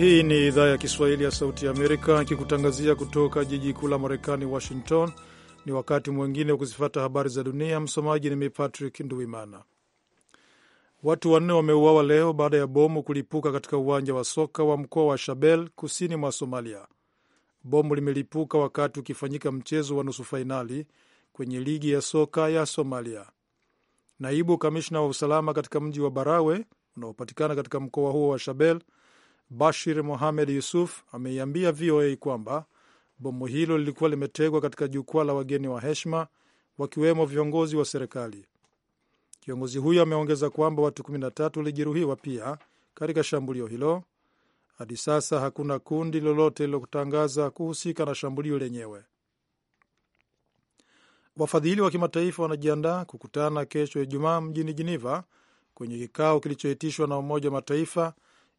Hii ni idhaa ya Kiswahili ya Sauti ya Amerika ikikutangazia kutoka jiji kuu la Marekani, Washington. Ni wakati mwingine wa kuzifata habari za dunia. Msomaji ni mimi Patrick Nduimana. Watu wanne wameuawa leo baada ya bomu kulipuka katika uwanja wa soka wa mkoa wa Shabelle kusini mwa Somalia. Bomu limelipuka wakati ukifanyika mchezo wa nusu fainali kwenye ligi ya soka ya Somalia. Naibu kamishna wa usalama katika mji wa Barawe unaopatikana katika mkoa huo wa Shabelle Bashir Mohamed Yusuf ameiambia VOA kwamba bomu hilo lilikuwa limetegwa katika jukwaa la wageni wa heshima wakiwemo viongozi wa serikali. Kiongozi huyo ameongeza kwamba watu 13 walijeruhiwa pia katika shambulio hilo. Hadi sasa hakuna kundi lolote lilotangaza kuhusika na shambulio lenyewe. Wafadhili wa kimataifa wanajiandaa kukutana kesho Ijumaa mjini jiniva kwenye kikao kilichoitishwa na Umoja wa Mataifa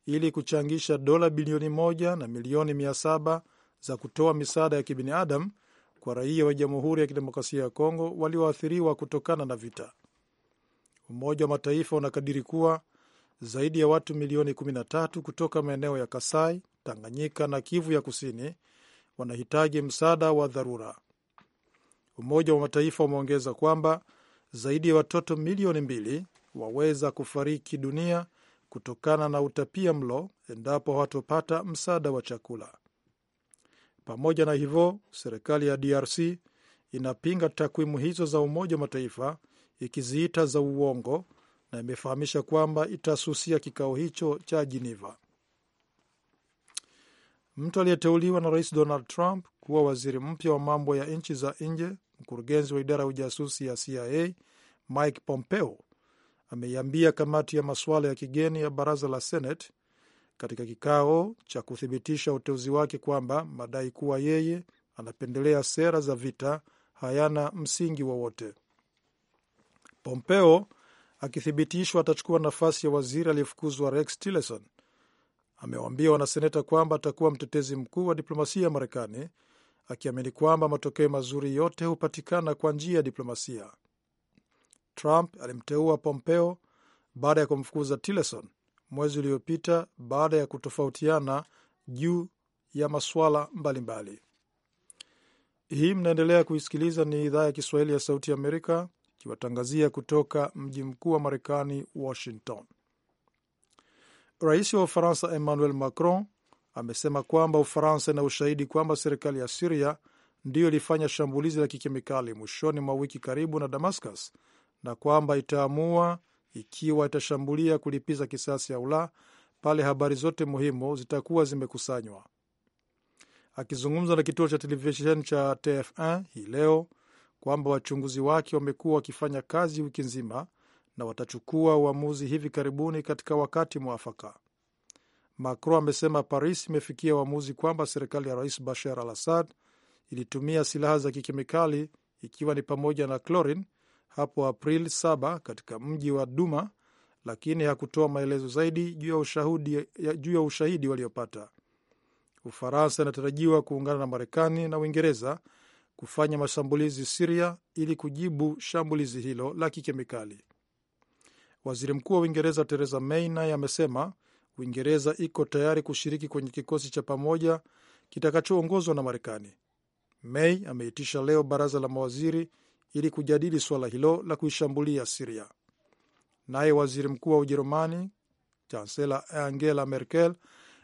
ili kuchangisha dola bilioni moja na milioni mia saba za kutoa misaada ya kibinadamu kwa raia wa Jamhuri ya Kidemokrasia ya Kongo walioathiriwa kutokana na vita. Umoja wa Mataifa unakadiri kuwa zaidi ya watu milioni 13 kutoka maeneo ya Kasai, Tanganyika na Kivu ya Kusini wanahitaji msaada wa dharura. Umoja wa Mataifa umeongeza kwamba zaidi ya watoto milioni mbili waweza kufariki dunia kutokana na utapia mlo endapo hawatopata msaada wa chakula. Pamoja na hivyo, serikali ya DRC inapinga takwimu hizo za Umoja wa Mataifa ikiziita za uongo na imefahamisha kwamba itasusia kikao hicho cha Jiniva. Mtu aliyeteuliwa na Rais Donald Trump kuwa waziri mpya wa mambo ya nchi za nje, mkurugenzi wa idara ya ujasusi ya CIA Mike Pompeo ameiambia kamati ya masuala ya kigeni ya baraza la Senate katika kikao cha kuthibitisha uteuzi wake kwamba madai kuwa yeye anapendelea sera za vita hayana msingi wowote. Pompeo akithibitishwa atachukua nafasi ya waziri aliyefukuzwa Rex Tillerson. Amewaambia wanaseneta kwamba atakuwa mtetezi mkuu wa diplomasia ya Marekani, akiamini kwamba matokeo mazuri yote hupatikana kwa njia ya diplomasia. Trump alimteua Pompeo baada ya kumfukuza Tillerson mwezi uliopita baada ya kutofautiana juu ya masuala mbalimbali. Hii mnaendelea kuisikiliza, ni idhaa ya Kiswahili ya Sauti ya Amerika ikiwatangazia kutoka mji mkuu wa Marekani, Washington. Rais wa Ufaransa Emmanuel Macron amesema kwamba Ufaransa ina ushahidi kwamba serikali ya Siria ndiyo ilifanya shambulizi la kikemikali mwishoni mwa wiki karibu na Damascus na kwamba itaamua ikiwa itashambulia kulipiza kisasi au la pale habari zote muhimu zitakuwa zimekusanywa. Akizungumza na kituo cha televisheni cha TF1 hii leo kwamba wachunguzi wake wamekuwa wakifanya kazi wiki nzima na watachukua uamuzi hivi karibuni katika wakati mwafaka. Macron amesema Paris imefikia uamuzi kwamba serikali ya Rais Bashar al Assad ilitumia silaha za kikemikali ikiwa ni pamoja na chlorine hapo Aprili 7 katika mji wa Duma, lakini hakutoa maelezo zaidi juu ya ushahidi waliopata. Ufaransa inatarajiwa kuungana na Marekani na Uingereza kufanya mashambulizi Siria ili kujibu shambulizi hilo la kikemikali. Waziri Mkuu wa Uingereza Theresa May naye amesema Uingereza iko tayari kushiriki kwenye kikosi cha pamoja kitakachoongozwa na Marekani. May ameitisha leo baraza la mawaziri ili kujadili suala hilo la kuishambulia Siria. Naye waziri mkuu wa Ujerumani chancela Angela Merkel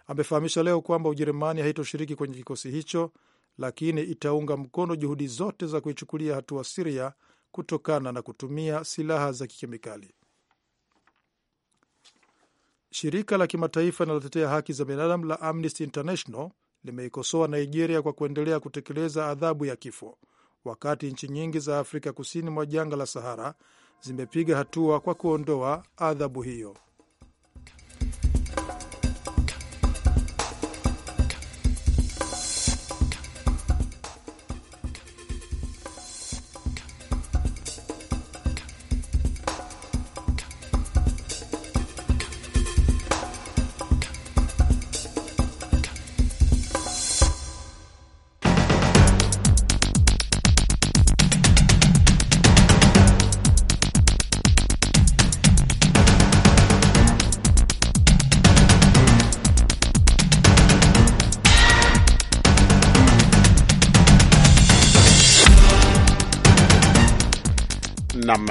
amefahamisha leo kwamba Ujerumani haitoshiriki kwenye kikosi hicho, lakini itaunga mkono juhudi zote za kuichukulia hatua Siria kutokana na kutumia silaha za kikemikali. Shirika la kimataifa linalotetea haki za binadamu la Amnesty International limeikosoa Nigeria kwa kuendelea kutekeleza adhabu ya kifo wakati nchi nyingi za Afrika kusini mwa jangwa la Sahara zimepiga hatua kwa kuondoa adhabu hiyo.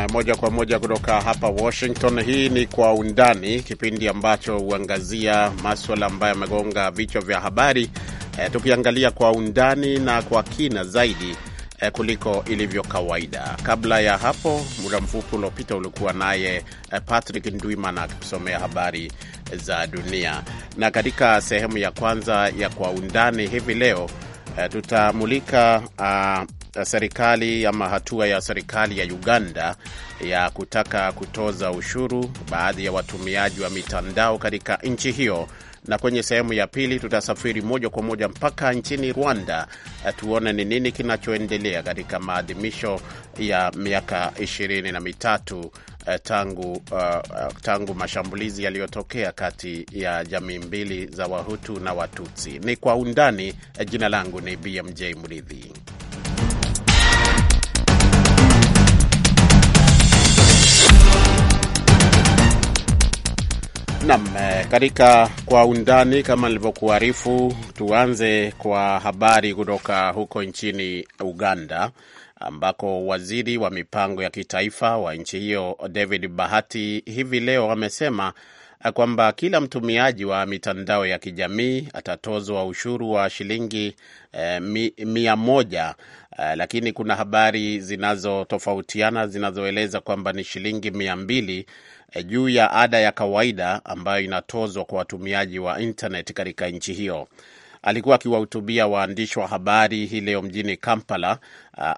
moja kwa moja kutoka hapa Washington. Hii ni Kwa Undani, kipindi ambacho huangazia maswala ambayo yamegonga vichwa vya habari e, tukiangalia kwa undani na kwa kina zaidi e, kuliko ilivyo kawaida. Kabla ya hapo, muda mfupi uliopita ulikuwa naye eh, Patrick Ndwimana akitusomea habari za dunia, na katika sehemu ya kwanza ya Kwa Undani hivi leo tutamulika uh, serikali ama hatua ya serikali ya Uganda ya kutaka kutoza ushuru baadhi ya watumiaji wa mitandao katika nchi hiyo. Na kwenye sehemu ya pili tutasafiri moja kwa moja mpaka nchini Rwanda eh, tuone ni nini kinachoendelea katika maadhimisho ya miaka ishirini na mitatu eh, tangu, uh, tangu mashambulizi yaliyotokea kati ya jamii mbili za Wahutu na Watutsi. Ni kwa undani. Jina langu ni BMJ Mridhi. Nam, eh, katika kwa undani, kama nilivyokuarifu, tuanze kwa habari kutoka huko nchini Uganda ambako waziri wa mipango ya kitaifa wa nchi hiyo David Bahati hivi leo amesema Eh, kwamba kila mtumiaji wa mitandao ya kijamii atatozwa ushuru wa shilingi eh, mi, mia moja eh, lakini kuna habari zinazotofautiana zinazoeleza kwamba ni shilingi mia mbili eh, juu ya ada ya kawaida ambayo inatozwa kwa watumiaji wa internet katika nchi hiyo alikuwa akiwahutubia waandishi wa habari hii leo mjini Kampala,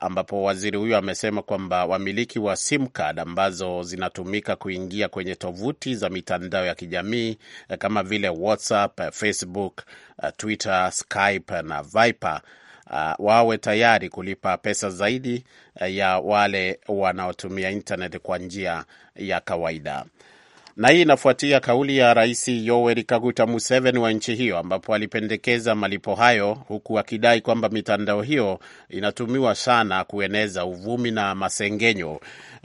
ambapo waziri huyo amesema kwamba wamiliki wa sim card ambazo zinatumika kuingia kwenye tovuti za mitandao ya kijamii kama vile WhatsApp, Facebook, Twitter, Skype na Viper Uh, wawe tayari kulipa pesa zaidi ya wale wanaotumia intaneti kwa njia ya kawaida na hii inafuatia kauli ya Rais Yoweri Kaguta Museveni wa nchi hiyo ambapo alipendekeza malipo hayo huku akidai kwamba mitandao hiyo inatumiwa sana kueneza uvumi na masengenyo.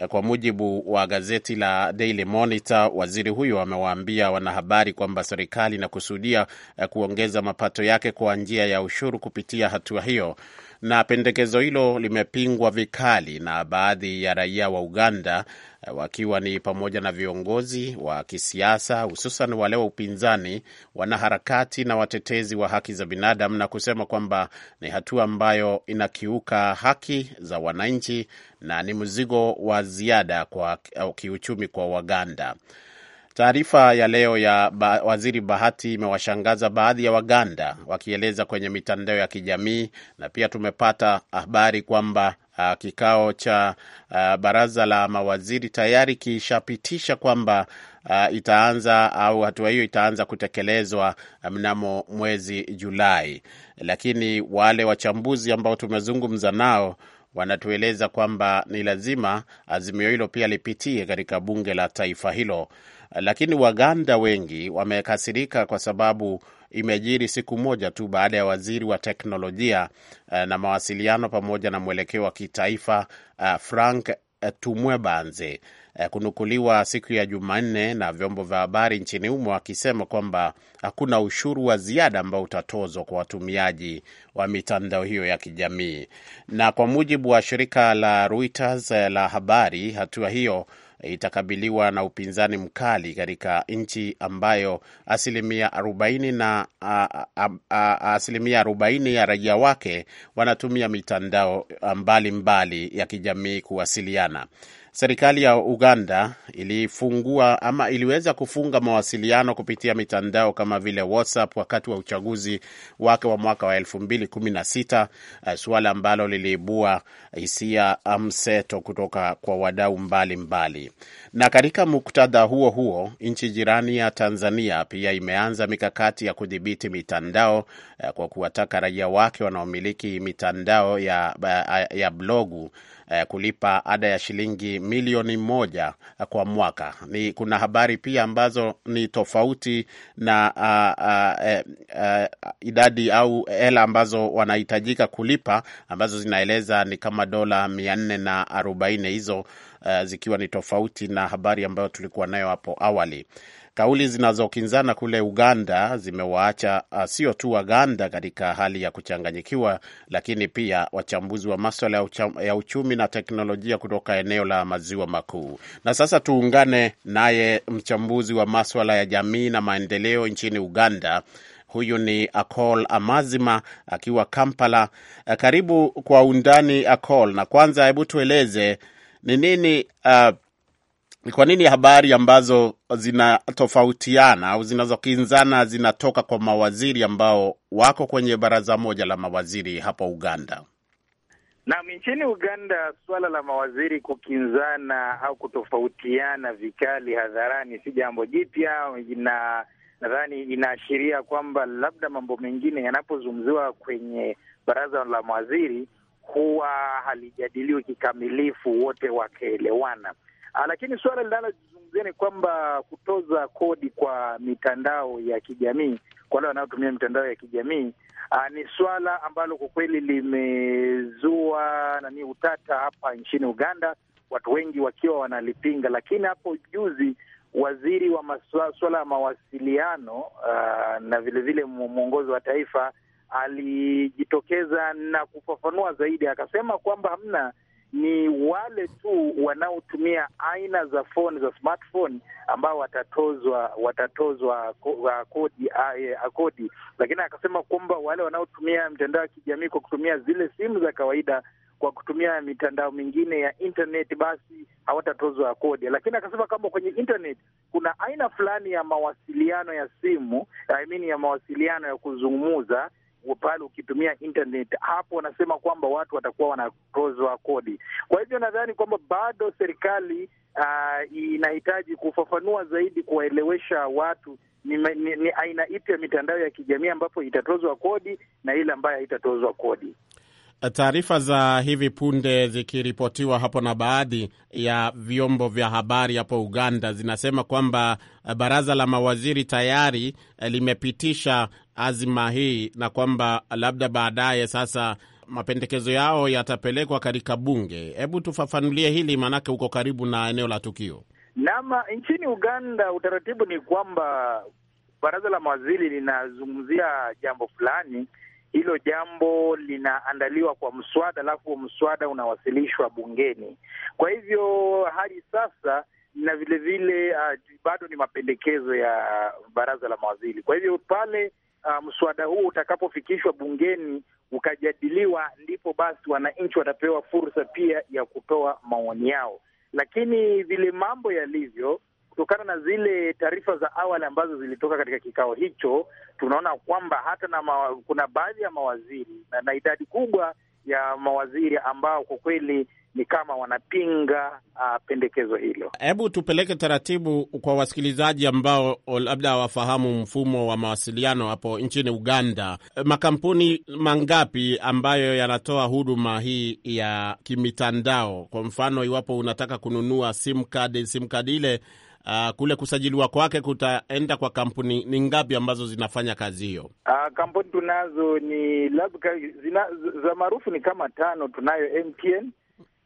Kwa mujibu wa gazeti la Daily Monitor, waziri huyo amewaambia wanahabari kwamba serikali inakusudia kuongeza mapato yake kwa njia ya ushuru kupitia hatua hiyo na pendekezo hilo limepingwa vikali na baadhi ya raia wa Uganda eh, wakiwa ni pamoja na viongozi wa kisiasa hususan wale wa upinzani, wanaharakati na watetezi wa haki za binadamu, na kusema kwamba ni hatua ambayo inakiuka haki za wananchi na ni mzigo wa ziada kwa kiuchumi kwa Waganda. Taarifa ya leo ya ba waziri Bahati imewashangaza baadhi ya Waganda wakieleza kwenye mitandao ya kijamii, na pia tumepata habari kwamba Uh, kikao cha uh, baraza la mawaziri tayari kishapitisha kwamba uh, itaanza au hatua hiyo itaanza kutekelezwa mnamo mwezi Julai, lakini wale wachambuzi ambao tumezungumza nao wanatueleza kwamba ni lazima azimio hilo pia lipitie katika bunge la taifa hilo lakini Waganda wengi wamekasirika kwa sababu imejiri siku moja tu baada ya waziri wa teknolojia eh, na mawasiliano pamoja na mwelekeo wa kitaifa eh, Frank eh, Tumwebanze kunukuliwa siku ya Jumanne na vyombo vya habari nchini humo akisema kwamba hakuna ushuru wa ziada ambao utatozwa kwa watumiaji wa mitandao hiyo ya kijamii. Na kwa mujibu wa shirika la Reuters la habari, hatua hiyo itakabiliwa na upinzani mkali katika nchi ambayo asilimia 4 na a, a, a, asilimia ya raia wake wanatumia mitandao mbalimbali mbali ya kijamii kuwasiliana. Serikali ya Uganda ilifungua ama iliweza kufunga mawasiliano kupitia mitandao kama vile WhatsApp wakati wa uchaguzi wake wa mwaka wa 2016, eh, suala ambalo liliibua hisia mseto kutoka kwa wadau mbalimbali. Na katika muktadha huo huo, nchi jirani ya Tanzania pia imeanza mikakati ya kudhibiti mitandao eh, kwa kuwataka raia wake wanaomiliki mitandao ya, ya blogu eh, kulipa ada ya shilingi milioni moja eh, kwa mwaka. Ni kuna habari pia ambazo ni tofauti na uh, uh, uh, uh, idadi au hela ambazo wanahitajika kulipa ambazo zinaeleza ni kama dola mia nne na arobaini hizo, uh, zikiwa ni tofauti na habari ambayo tulikuwa nayo hapo awali. Kauli zinazokinzana kule Uganda zimewaacha uh, sio tu Waganda katika hali ya kuchanganyikiwa, lakini pia wachambuzi wa maswala ya uchumi na teknolojia kutoka eneo la maziwa makuu. Na sasa tuungane naye mchambuzi wa maswala ya jamii na maendeleo nchini Uganda. Huyu ni Acol Amazima akiwa Kampala. Uh, karibu kwa undani Acol, na kwanza hebu tueleze ni nini uh, ni kwa nini habari ambazo zinatofautiana au zinazokinzana zinatoka kwa mawaziri ambao wako kwenye baraza moja la mawaziri hapa Uganda? Naam, nchini Uganda suala la mawaziri kukinzana au kutofautiana vikali hadharani si jambo jipya, na nadhani inaashiria kwamba labda mambo mengine yanapozungumziwa kwenye baraza la mawaziri huwa halijadiliwi kikamilifu, wote wakaelewana. Ah, lakini suala linalozungumzia ni kwamba kutoza kodi kwa mitandao ya kijamii kwa wale wanaotumia mitandao ya kijamii aa, ah, ni swala ambalo kwa kweli limezua nani utata hapa nchini Uganda, watu wengi wakiwa wanalipinga. Lakini hapo juzi waziri wa masuala ya mawasiliano uh, na vilevile mwongozi wa taifa alijitokeza na kufafanua zaidi, akasema kwamba hamna ni wale tu wanaotumia aina za foni za smartphone ambao watatozwa watatozwa uh, kodi, uh, kodi. Lakini akasema kwamba wale wanaotumia mtandao ya kijamii kwa kutumia zile simu za kawaida kwa kutumia mitandao mingine ya internet basi hawatatozwa kodi. Lakini akasema kama kwenye internet kuna aina fulani ya mawasiliano ya simu I mean ya mawasiliano ya kuzungumuza pale ukitumia internet, hapo wanasema kwamba watu watakuwa wanatozwa kodi. Kwa hivyo nadhani kwamba bado serikali uh, inahitaji kufafanua zaidi, kuwaelewesha watu ni, ni, ni aina ipi ya mitandao ya kijamii ambapo itatozwa kodi na ile ambayo haitatozwa kodi. Taarifa za hivi punde zikiripotiwa hapo na baadhi ya vyombo vya habari hapo Uganda zinasema kwamba eh, baraza la mawaziri tayari eh, limepitisha azima hii na kwamba labda baadaye sasa mapendekezo yao yatapelekwa katika bunge. Hebu tufafanulie hili, maanake uko karibu na eneo la tukio. Naam, nchini Uganda utaratibu ni kwamba baraza la mawaziri linazungumzia jambo fulani hilo jambo linaandaliwa kwa mswada, alafu mswada unawasilishwa bungeni. Kwa hivyo hadi sasa na vilevile uh, bado ni mapendekezo ya baraza la mawaziri. Kwa hivyo pale uh, mswada huu utakapofikishwa bungeni ukajadiliwa, ndipo basi wananchi watapewa fursa pia ya kutoa maoni yao, lakini vile mambo yalivyo kutokana na zile taarifa za awali ambazo zilitoka katika kikao hicho, tunaona kwamba hata na ma, kuna baadhi ya mawaziri na, na idadi kubwa ya mawaziri ambao kwa kweli ni kama wanapinga uh, pendekezo hilo. Hebu tupeleke taratibu kwa wasikilizaji ambao labda hawafahamu mfumo wa mawasiliano hapo nchini Uganda. Makampuni mangapi ambayo yanatoa huduma hii ya kimitandao? Kwa mfano, iwapo unataka kununua sim kadi, sim ile uh, kule kusajiliwa kwake kutaenda kwa kampuni ni ngapi ambazo zinafanya kazi hiyo? Uh, kampuni tunazo ni labda za maarufu ni kama tano. Tunayo MTN,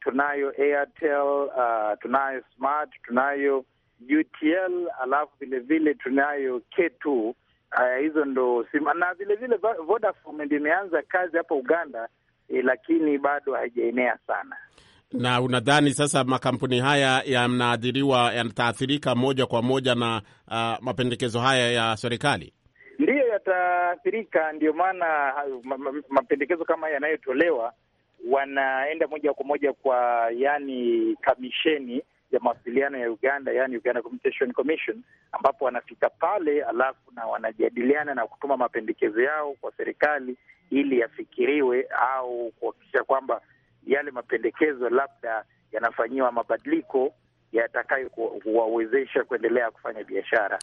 tunayo Airtel, uh, tunayo Smart, tunayo UTL, alafu vilevile tunayo K2. Uh, hizo ndo sima na vilevile Vodafone ndiyo imeanza kazi hapa Uganda eh, lakini bado haijaenea sana. Na unadhani sasa makampuni haya yanaathiriwa, yanataathirika moja kwa moja na uh, mapendekezo haya ya serikali? Ndiyo, yataathirika. Ndio maana mapendekezo kama yanayotolewa wanaenda moja kwa moja kwa yani kamisheni ya mawasiliano ya Uganda, yani Uganda Communication Commission, ambapo wanafika pale alafu na wanajadiliana na kutuma mapendekezo yao kwa serikali ili yafikiriwe au kuhakikisha kwamba yale mapendekezo labda yanafanyiwa mabadiliko yatakayo kuwawezesha kuendelea kufanya biashara.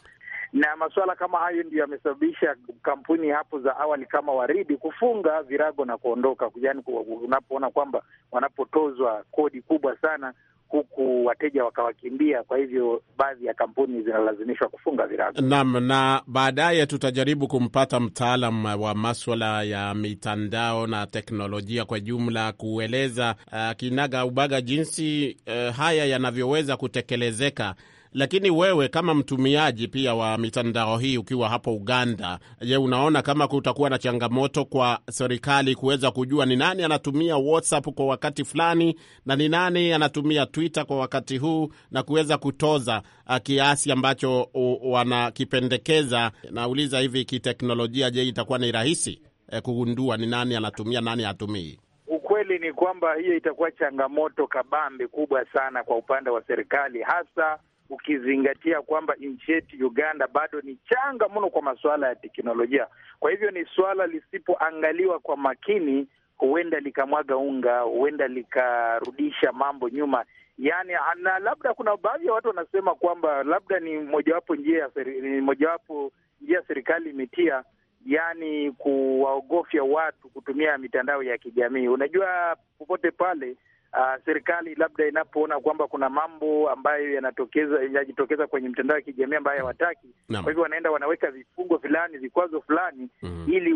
Na masuala kama hayo ndio yamesababisha kampuni hapo za awali kama Waridi kufunga virago na kuondoka, yaani unapoona kwamba wanapotozwa kodi kubwa sana huku wateja wakawakimbia. Kwa hivyo baadhi ya kampuni zinalazimishwa kufunga virago. Naam, na baadaye tutajaribu kumpata mtaalam wa maswala ya mitandao na teknolojia kwa jumla kueleza uh, kinaga ubaga jinsi uh, haya yanavyoweza kutekelezeka lakini wewe kama mtumiaji pia wa mitandao hii ukiwa hapo Uganda, je, unaona kama kutakuwa na changamoto kwa serikali kuweza kujua ni nani anatumia WhatsApp kwa wakati fulani na ni nani anatumia Twitter kwa wakati huu na kuweza kutoza ah, kiasi ambacho wanakipendekeza? Nauliza hivi kiteknolojia, je, itakuwa ni rahisi eh, kugundua ni nani anatumia nani hatumii? Ukweli ni kwamba hiyo itakuwa changamoto kabambe kubwa sana kwa upande wa serikali hasa ukizingatia kwamba nchi yetu Uganda bado ni changa mno kwa masuala ya teknolojia. Kwa hivyo ni suala lisipoangaliwa kwa makini, huenda likamwaga unga, huenda likarudisha mambo nyuma. Yani, na labda kuna baadhi ya watu wanasema kwamba labda ni mojawapo njia ni mojawapo njia serikali imetia, yani kuwaogofya watu kutumia mitandao ya kijamii. Unajua, popote pale uh, serikali labda inapoona kwamba kuna mambo ambayo yanatokeza yanajitokeza kwenye mtandao ya kijamii ambayo hawataki, kwa hivyo wanaenda wanaweka vifungo fulani, vikwazo fulani mm. ili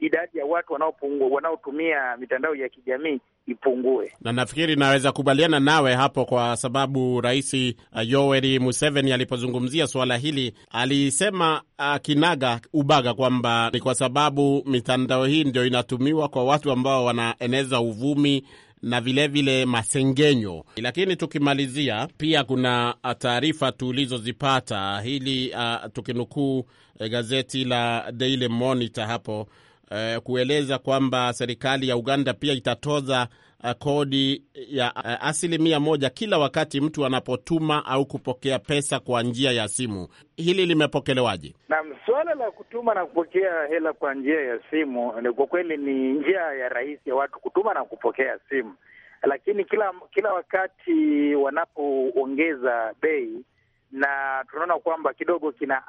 idadi ya watu wanaopungua wanaotumia mitandao ya kijamii ipungue. Na nafikiri naweza kubaliana nawe hapo, kwa sababu Rais uh, Yoweri Museveni alipozungumzia suala hili alisema uh, kinaga ubaga kwamba ni kwa sababu mitandao hii ndio inatumiwa kwa watu ambao wanaeneza uvumi na vilevile vile masengenyo. Lakini tukimalizia, pia kuna uh, taarifa tulizozipata hili uh, tukinukuu eh, gazeti la Daily Monitor hapo uh, kueleza kwamba serikali ya Uganda pia itatoza Eh, kodi eh, ya eh, asilimia moja kila wakati mtu anapotuma au kupokea pesa kwa njia ya simu. Hili limepokelewaje? Naam, suala la kutuma na kupokea hela kwa njia ya simu kwa kweli ni njia ya rahisi ya watu kutuma na kupokea simu, lakini kila kila wakati wanapoongeza bei na tunaona kwamba kidogo kina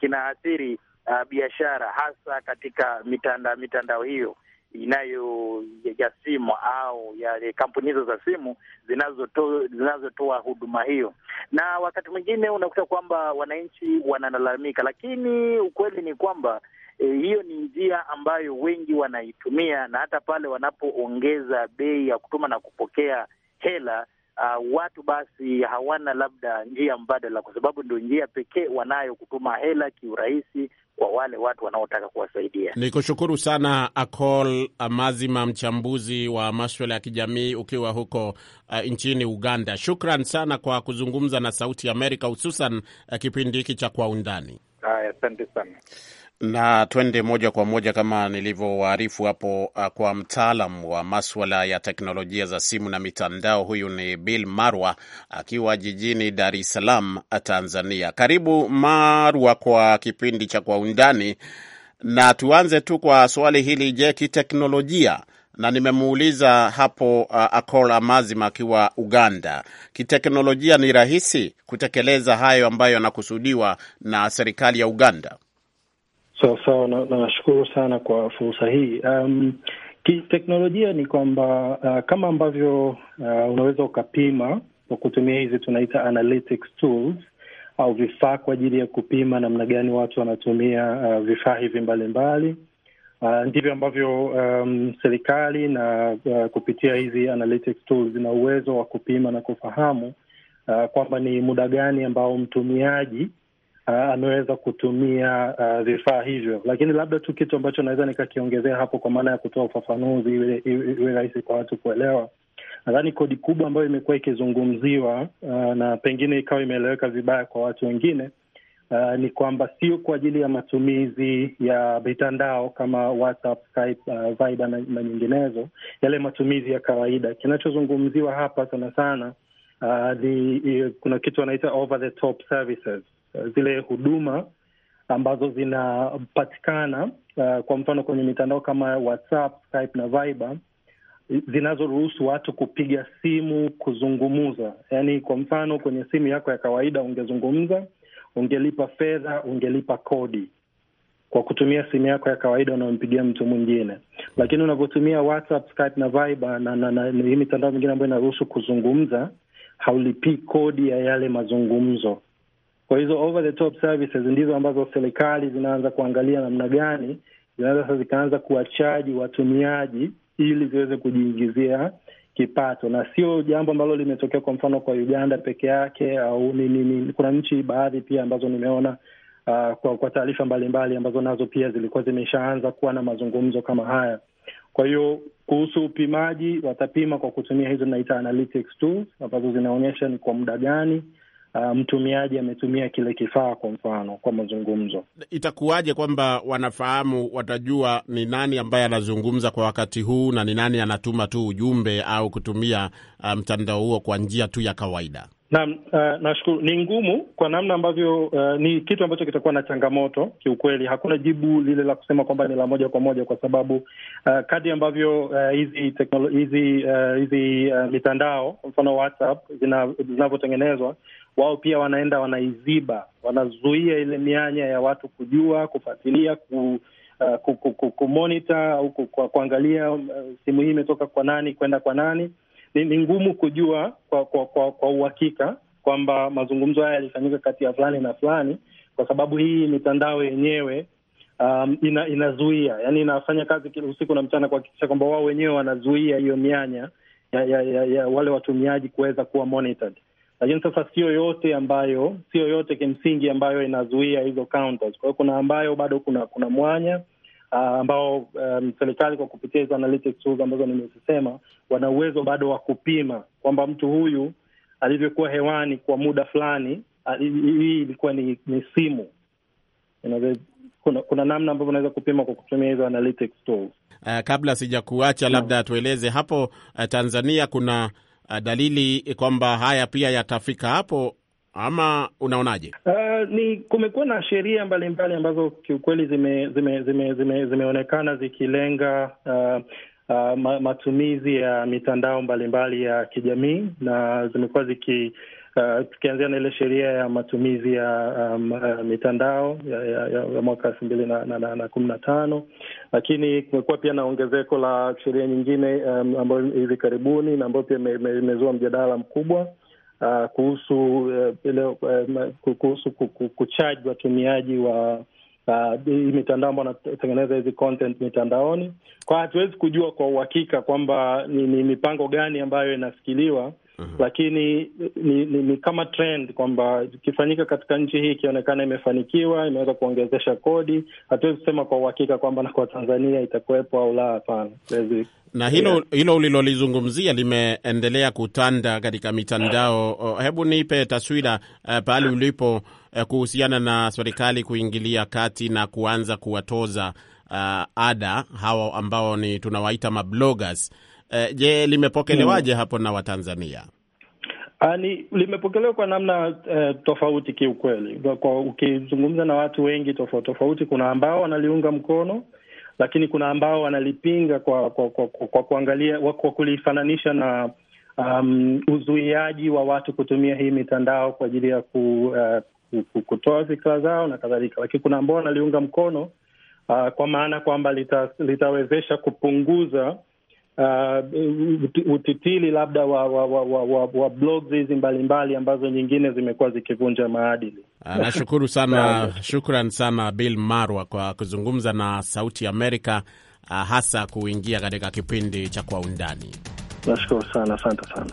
kinaathiri uh, ah, biashara hasa katika mitandao mitandao hiyo inayo ya simu au yale kampuni hizo za simu zinazotoa zinazotoa huduma hiyo, na wakati mwingine unakuta kwamba wananchi wanalalamika, lakini ukweli ni kwamba e, hiyo ni njia ambayo wengi wanaitumia, na hata pale wanapoongeza bei ya kutuma na kupokea hela Uh, watu basi hawana labda njia mbadala, kwa sababu ndio njia pekee wanayo kutuma hela kiurahisi kwa wale watu wanaotaka kuwasaidia. Ni kushukuru sana Acol Amazima, mchambuzi wa maswala ya kijamii, ukiwa huko uh, nchini Uganda. Shukran sana kwa kuzungumza na Sauti ya Amerika, hususan uh, kipindi hiki cha Kwa Undani. Asante sana. Na twende moja kwa moja kama nilivyowaarifu hapo uh, kwa mtaalam wa maswala ya teknolojia za simu na mitandao. Huyu ni Bill Marwa akiwa jijini Dar es Salaam, Tanzania. Karibu Marwa kwa kipindi cha Kwa Undani, na tuanze tu kwa swali hili. Je, kiteknolojia na nimemuuliza hapo uh, Akola Amazima akiwa Uganda, kiteknolojia ni rahisi kutekeleza hayo ambayo yanakusudiwa na serikali ya Uganda? Sawa sawa, nashukuru na sana kwa fursa hii. Um, kiteknolojia ni kwamba uh, kama ambavyo uh, unaweza ukapima kwa kutumia hizi tunaita analytics tools au vifaa kwa ajili ya kupima namna gani watu wanatumia uh, vifaa hivi mbalimbali uh, ndivyo ambavyo um, serikali na uh, kupitia hizi analytics tools zina uwezo wa kupima na kufahamu uh, kwamba ni muda gani ambao mtumiaji uh, ameweza kutumia uh, vifaa hivyo. Lakini labda tu kitu ambacho naweza nikakiongezea hapo, kwa maana ya kutoa ufafanuzi iwe rahisi kwa watu kuelewa, nadhani kodi kubwa ambayo imekuwa ikizungumziwa uh, na pengine ikawa imeeleweka vibaya kwa watu wengine Uh, ni kwamba sio kwa ajili ya matumizi ya mitandao kama WhatsApp, Skype, uh, Viber na, na nyinginezo, yale matumizi ya kawaida. Kinachozungumziwa hapa sana sana uh, the, uh, kuna kitu wanaita over the top services Eh, zile huduma ambazo zinapatikana uh, kwa mfano kwenye mitandao kama WhatsApp, Skype na Viber zinazoruhusu watu kupiga simu kuzungumza Yaani, kwa mfano kwenye simu yako ya kawaida ungezungumza, ungelipa fedha, ungelipa kodi kwa kutumia simu yako ya kawaida unayompigia mtu mwingine, lakini unavyotumia WhatsApp, Skype na Viber na, na, na hii mitandao mingine ambayo inaruhusu kuzungumza, haulipii kodi ya yale mazungumzo. Kwa hizo over the top services ndizo ambazo serikali zinaanza kuangalia namna gani zinaweza sasa zikaanza kuwachaji watumiaji ili ziweze kujiingizia kipato, na sio jambo ambalo limetokea kwa mfano kwa Uganda peke yake au ni, ni, ni, kuna nchi baadhi pia ambazo nimeona uh, kwa, kwa taarifa mbalimbali ambazo nazo pia zilikuwa zimeshaanza kuwa na mazungumzo kama haya. Kwa hiyo kuhusu upimaji, watapima kwa kutumia hizo naita analytics tools ambazo zinaonyesha ni kwa muda gani uh, mtumiaji ametumia kile kifaa kwa mfano kwa mazungumzo. Itakuwaje kwamba wanafahamu, watajua ni nani ambaye anazungumza kwa wakati huu na ni nani anatuma tu ujumbe au kutumia ah, mtandao um, huo kwa njia tu ya kawaida? Naam, uh, nashukuru. Ni ngumu kwa namna ambavyo uh, ni kitu ambacho kitakuwa na changamoto kiukweli. Hakuna jibu lile la kusema kwamba ni la moja kwa moja, kwa sababu uh, kadi ambavyo hizi uh, hizi uh, uh, mitandao kwa mfano WhatsApp zinavyotengenezwa, wao pia wanaenda wanaiziba, wanazuia ile mianya ya watu kujua, kufuatilia, ku uh, kumonita au kuangalia uh, simu hii imetoka kwa nani kwenda kwa nani. Ni ngumu kujua kwa, kwa, kwa, kwa uhakika kwamba mazungumzo haya yalifanyika kati ya fulani na fulani, kwa sababu hii mitandao yenyewe um, ina, inazuia yani, inafanya kazi usiku na mchana kuhakikisha kwamba wao wenyewe wanazuia hiyo mianya ya, ya, ya, ya wale watumiaji kuweza kuwa monitored lakini sasa sio yote ambayo sio yote kimsingi ambayo inazuia hizo counters. Kwa hiyo kuna ambayo bado kuna kuna mwanya uh, ambao um, serikali kwa kupitia hizo analytics tools ambazo nimezisema, wana uwezo bado wa kupima kwamba mtu huyu alivyokuwa hewani kwa muda fulani, ah, hii ilikuwa ni, ni simu Inaweza, kuna, kuna namna ambavyo unaweza kupima kwa kutumia hizo analytics tools. Uh, kabla sijakuacha labda tueleze hapo uh, Tanzania kuna Ah, dalili kwamba haya pia yatafika hapo ama unaonaje? Uh, ni kumekuwa na sheria mbalimbali ambazo kiukweli zimeonekana zime, zime, zime, zime zikilenga uh, uh, matumizi ya mitandao mbalimbali mbali ya kijamii na zimekuwa ziki Uh, tukianzia na ile sheria ya matumizi ya um, uh, mitandao ya, ya, ya mwaka elfu mbili na, na, na, na kumi na tano, lakini kumekuwa pia na ongezeko la sheria nyingine um, ambayo hivi karibuni na ambayo pia imezua mjadala mkubwa uh, kuhusu uh, uh, kuhusu kuchaji watumiaji wa Uh, mitandao ambao wanatengeneza hizi content mitandaoni, kwa hatuwezi kujua kwa uhakika kwamba ni, ni mipango gani ambayo inasikiliwa Uhum. Lakini ni, ni, ni kama trend kwamba ikifanyika katika nchi hii ikionekana imefanikiwa, imeweza kuongezesha kodi, hatuwezi kusema kwa uhakika kwamba na kwa Tanzania itakuwepo au la. Hapana, na hilo yeah, hilo ulilolizungumzia limeendelea kutanda katika mitandao. Oh, hebu nipe taswira uh, pahali ulipo uh, kuhusiana na serikali kuingilia kati na kuanza kuwatoza uh, ada hao ambao ni tunawaita mabloggers Eh, je, limepokelewaje hmm, hapo na Watanzania? Ani, ah, limepokelewa kwa namna eh, tofauti kiukweli. Kwa ukizungumza na watu wengi tofauti tofauti, kuna ambao wanaliunga mkono, lakini kuna ambao wanalipinga kwa kwa, kwa, kwa, kwa kuangalia kwa kulifananisha na um, uzuiaji wa watu kutumia hii mitandao kwa ajili ya ku, uh, kutoa fikra zao na kadhalika, lakini kuna ambao wanaliunga mkono uh, kwa maana kwamba lita, litawezesha kupunguza uh, utitili labda wa, wa, wa, wa, wa, wa blogs hizi mbalimbali ambazo nyingine zimekuwa zikivunja maadili. Ah, nashukuru sana shukran sana Bill Marwa kwa kuzungumza na Sauti Amerika, uh, hasa kuingia katika kipindi cha Kwa Undani. Nashukuru sana, asante sana.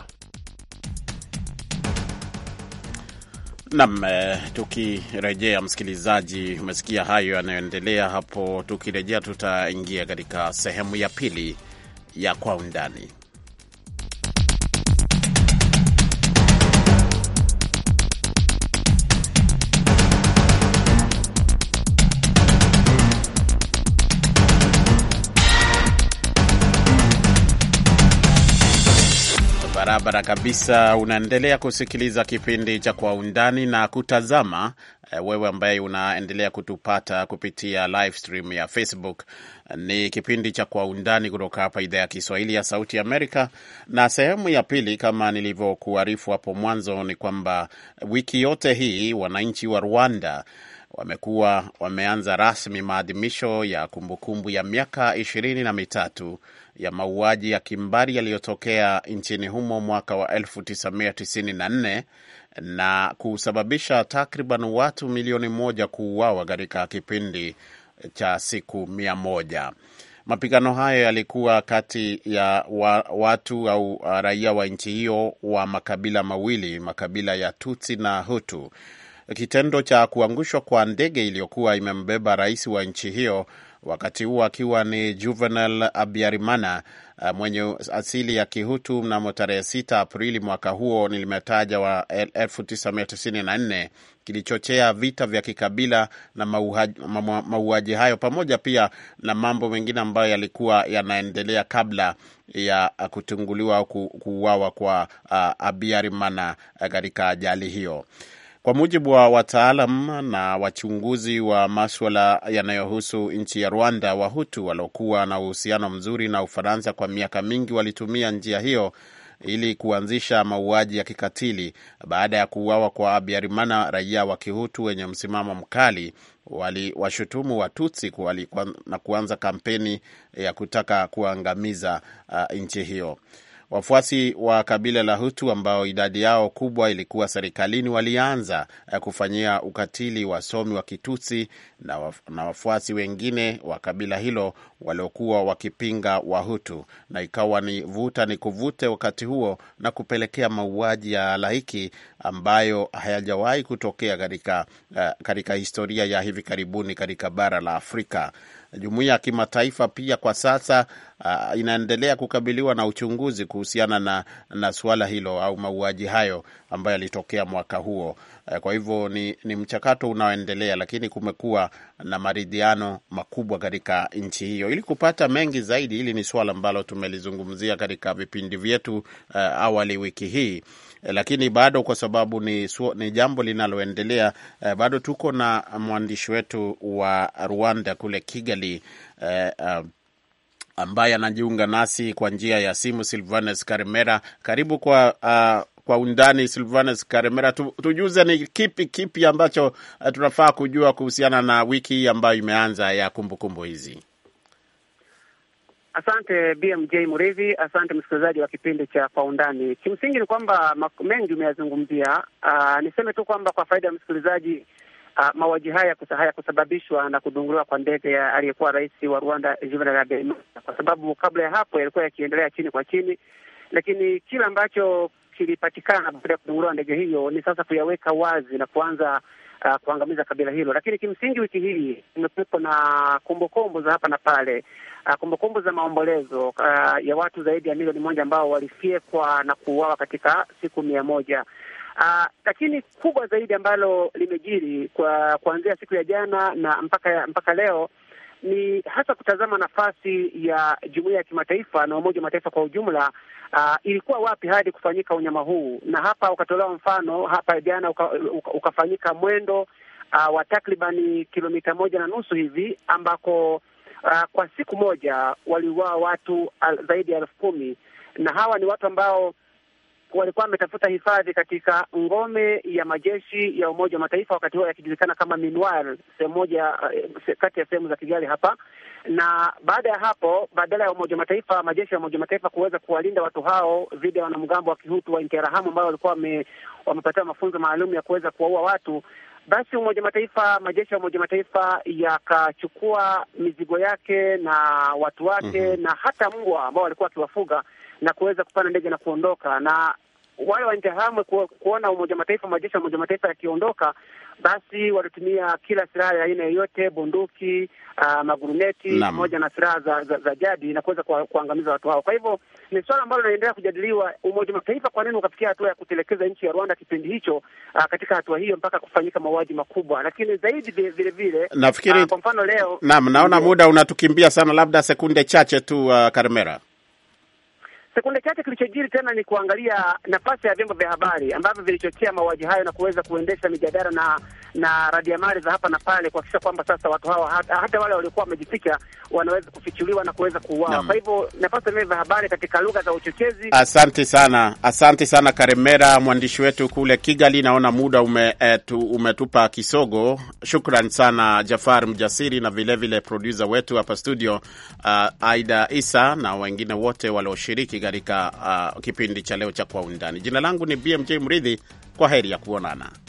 Nam, eh, tukirejea msikilizaji, umesikia hayo yanayoendelea hapo. Tukirejea tutaingia katika sehemu ya pili ya Kwa Undani. Barabara kabisa. Unaendelea kusikiliza kipindi cha Kwa Undani na kutazama eh, wewe ambaye unaendelea kutupata kupitia live stream ya Facebook. Ni kipindi cha Kwa Undani kutoka hapa idhaa ya Kiswahili ya Sauti Amerika, na sehemu ya pili, kama nilivyokuarifu hapo mwanzo, ni kwamba wiki yote hii wananchi wa Rwanda wamekuwa wameanza rasmi maadhimisho ya kumbukumbu ya miaka ishirini na mitatu ya mauaji ya kimbari yaliyotokea nchini humo mwaka wa 1994 na kusababisha takriban watu milioni moja kuuawa katika kipindi cha siku mia moja. Mapigano hayo yalikuwa kati ya wa, watu au uh, raia wa nchi hiyo wa makabila mawili, makabila ya Tutsi na Hutu kitendo cha kuangushwa kwa ndege iliyokuwa imembeba rais wa nchi hiyo wakati huo akiwa ni Juvenal Abiarimana eh, mwenye asili ya Kihutu mnamo tarehe 6 Aprili mwaka huo nilimetaja wa 1994 kilichochea vita vya kikabila na mauaji hayo, pamoja pia na mambo mengine ambayo yalikuwa yanaendelea kabla ya kutunguliwa au kuuawa kwa ah, Abiarimana eh, katika ajali hiyo. Kwa mujibu wa wataalam na wachunguzi wa maswala yanayohusu nchi ya Rwanda, Wahutu waliokuwa na uhusiano mzuri na Ufaransa kwa miaka mingi walitumia njia hiyo ili kuanzisha mauaji ya kikatili baada ya kuuawa kwa abiarimana Raia wa Kihutu wenye msimamo mkali waliwashutumu Watutsi na kuanza kampeni ya kutaka kuangamiza uh, nchi hiyo. Wafuasi wa kabila la Hutu ambao idadi yao kubwa ilikuwa serikalini walianza eh, kufanyia ukatili wasomi wa Kitutsi na wafuasi wengine wa kabila hilo waliokuwa wakipinga Wahutu, na ikawa ni vuta ni kuvute wakati huo na kupelekea mauaji ya halaiki ambayo hayajawahi kutokea katika uh, historia ya hivi karibuni katika bara la Afrika. Jumuiya ya kimataifa pia kwa sasa uh, inaendelea kukabiliwa na uchunguzi kuhusiana na, na suala hilo au mauaji hayo ambayo yalitokea mwaka huo. Uh, kwa hivyo ni, ni mchakato unaoendelea, lakini kumekuwa na maridhiano makubwa katika nchi hiyo. Ili kupata mengi zaidi, hili ni suala ambalo tumelizungumzia katika vipindi vyetu uh, awali wiki hii Eh, lakini bado kwa sababu ni, ni jambo linaloendelea eh, bado tuko na mwandishi wetu wa Rwanda kule Kigali eh, uh, ambaye anajiunga nasi kwa njia ya simu Silvanes Karimera. Karibu kwa uh, kwa undani Silvanes Karemera, tujuze ni kipi kipi ambacho tunafaa kujua kuhusiana na wiki hii ambayo imeanza ya kumbukumbu kumbu hizi. Asante BMJ Murithi, asante msikilizaji wa kipindi cha Kwa Undani. Kimsingi ni kwamba mengi umeyazungumzia. Ah, niseme tu kwamba kwa faida ya msikilizaji, ah, mauaji haya hayakusababishwa na kudunguliwa kwa ndege ya aliyekuwa rais wa Rwanda Juvenal Habyarimana, kwa sababu kabla ya hapo yalikuwa yakiendelea chini kwa chini, lakini kile ambacho kilipatikana baada ya kudunguliwa ndege hiyo ni sasa kuyaweka wazi na kuanza uh, kuangamiza kabila hilo. Lakini kimsingi wiki hii kumekuwepo na kumbukumbu za hapa na pale, uh, kumbukumbu za maombolezo uh, ya watu zaidi ya milioni moja ambao walifyekwa na kuuawa katika siku mia moja. Uh, lakini kubwa zaidi ambalo limejiri kwa kuanzia siku ya jana na mpaka mpaka leo ni hasa kutazama nafasi ya jumuiya ya kimataifa na Umoja wa Mataifa kwa ujumla. Uh, ilikuwa wapi hadi kufanyika unyama huu, na hapa ukatolewa mfano hapa jana uka, uka, ukafanyika mwendo uh, wa takribani kilomita moja na nusu hivi ambako uh, kwa siku moja waliuawa watu uh, zaidi ya elfu kumi na hawa ni watu ambao walikuwa wametafuta hifadhi katika ngome ya majeshi ya Umoja wa Mataifa wakati huo yakijulikana kama Minwar, sehemu moja eh, kati ya sehemu za Kigali hapa. Na baada ya hapo, badala ya Umoja wa Mataifa, majeshi ya Umoja wa Mataifa kuweza kuwalinda watu hao dhidi ya wanamgambo wa Kihutu wa Interahamu ambao walikuwa wamepatiwa mafunzo maalum ya kuweza kuwaua watu basi Umoja Mataifa, majeshi ya Umoja Mataifa yakachukua mizigo yake na watu wake, mm -hmm. na hata mbwa ambao walikuwa wakiwafuga na kuweza kupanda ndege na kuondoka. Na wale wanjahamwe kuona Umoja wa Mataifa, majeshi ya Umoja wa Mataifa yakiondoka, basi walitumia kila silaha ya aina yoyote, bunduki, uh, maguruneti pamoja na silaha za, za, za jadi na kuweza kuangamiza watu hao. Kwa hivyo ni swala ambalo linaendelea kujadiliwa Umoja wa Mataifa, kwa nini ukafikia hatua ya kutelekeza nchi ya Rwanda kipindi hicho, uh, katika hatua hiyo mpaka kufanyika mauaji makubwa. Lakini zaidi vile vile nafikiri, uh, kwa mfano leo, naam, naona mm. muda unatukimbia sana, labda sekunde chache tu, uh, Karmera Sekunde chache kilichojiri tena ni kuangalia nafasi ya vyombo vya habari ambavyo vilichochea mauaji hayo na kuweza kuendesha mijadala na na radiamali za hapa na pale kuhakikisha kwamba sasa watu hawa hata, hata wale waliokuwa wamejificha wanaweza kufichuliwa na kuweza kuuawa. Kwa hivyo nafasi ya vyombo vya habari katika lugha za uchochezi. Asante sana, asante sana Karemera, mwandishi wetu kule Kigali. Naona muda ume, etu, eh, umetupa kisogo. Shukran sana Jafar Mjasiri na vilevile producer wetu hapa studio uh, Aida Isa na wengine wote walioshiriki katika uh, kipindi cha leo cha Kwa Undani. Jina langu ni BMJ Mridhi, kwa heri ya kuonana.